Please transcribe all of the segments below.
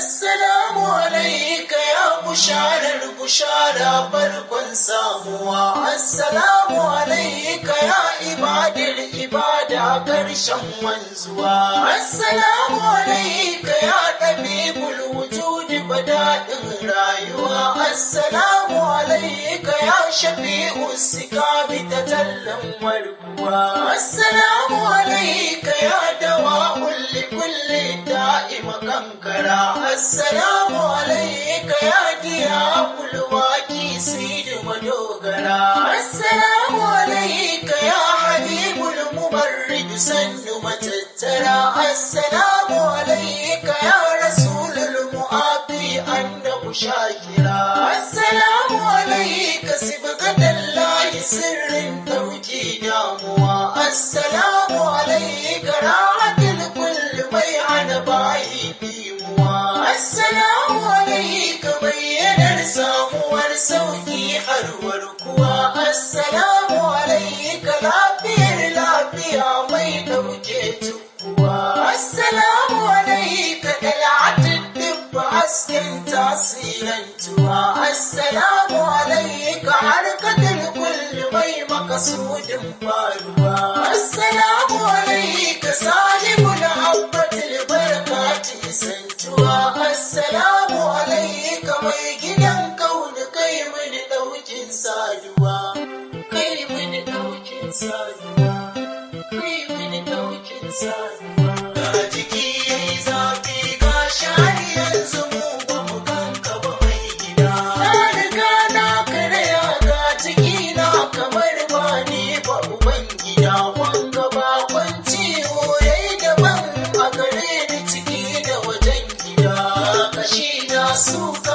Assalamu alaika ya busharar bushara farkon samuwa. Assalamu alaika ya ibadar ibada karshen wanzuwa. Assalamu alaika ya ɗabibul fi daɗin rayuwa assalamu alaika ya shafi'u sikabi ta tallan markuwa assalamu alaika ya dawa kulli kulli da'i makankara assalamu alaika ya diya kulwaki sidi madogara assalamu alaika ya habibul mubarrid sannu matattara assalamu alaika shakira assalamu alaika sibgatan layi sirrin dauki damuwa assalamu alaika rahatul kulli mai hana bayi bimuwa assalamu alaika bayyanar samuwar sauki har warkuwa assalamu masu wajen faruwa. So.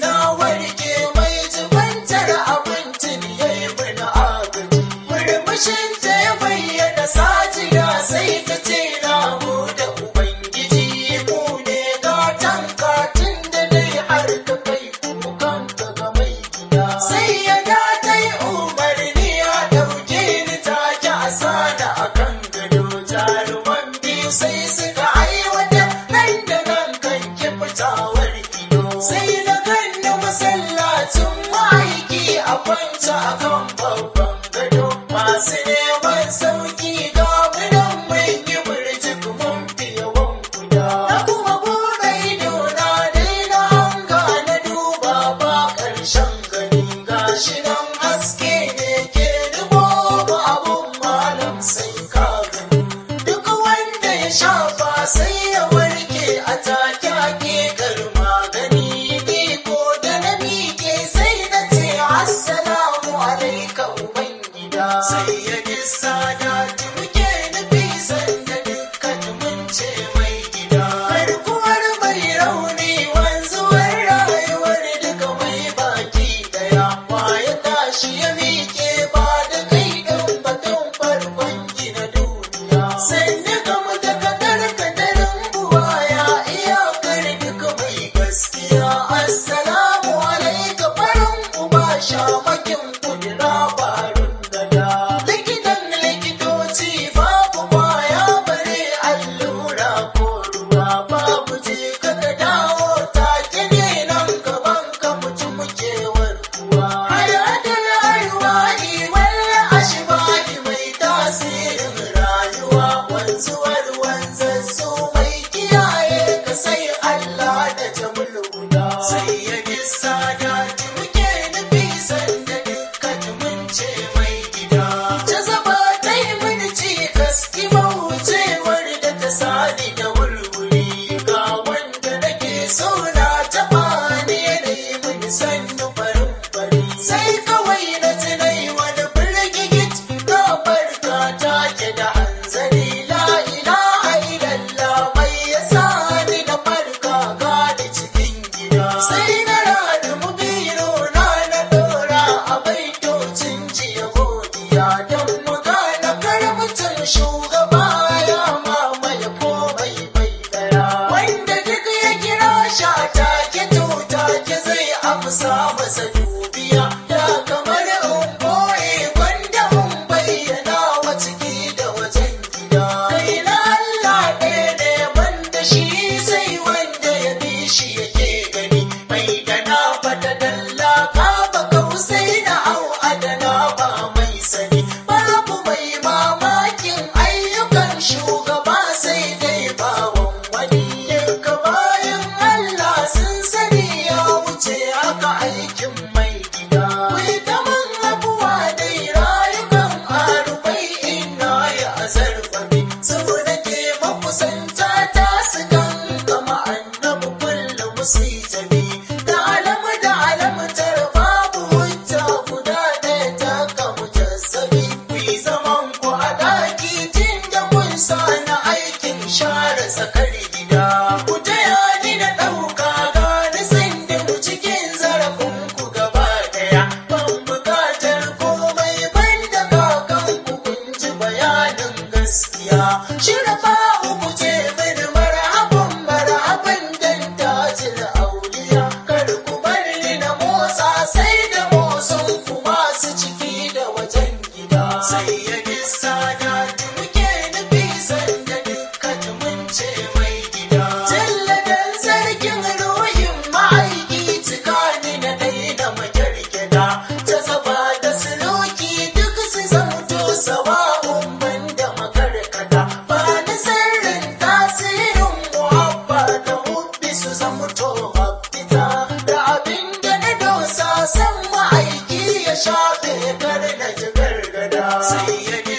no way. Pointer, I come,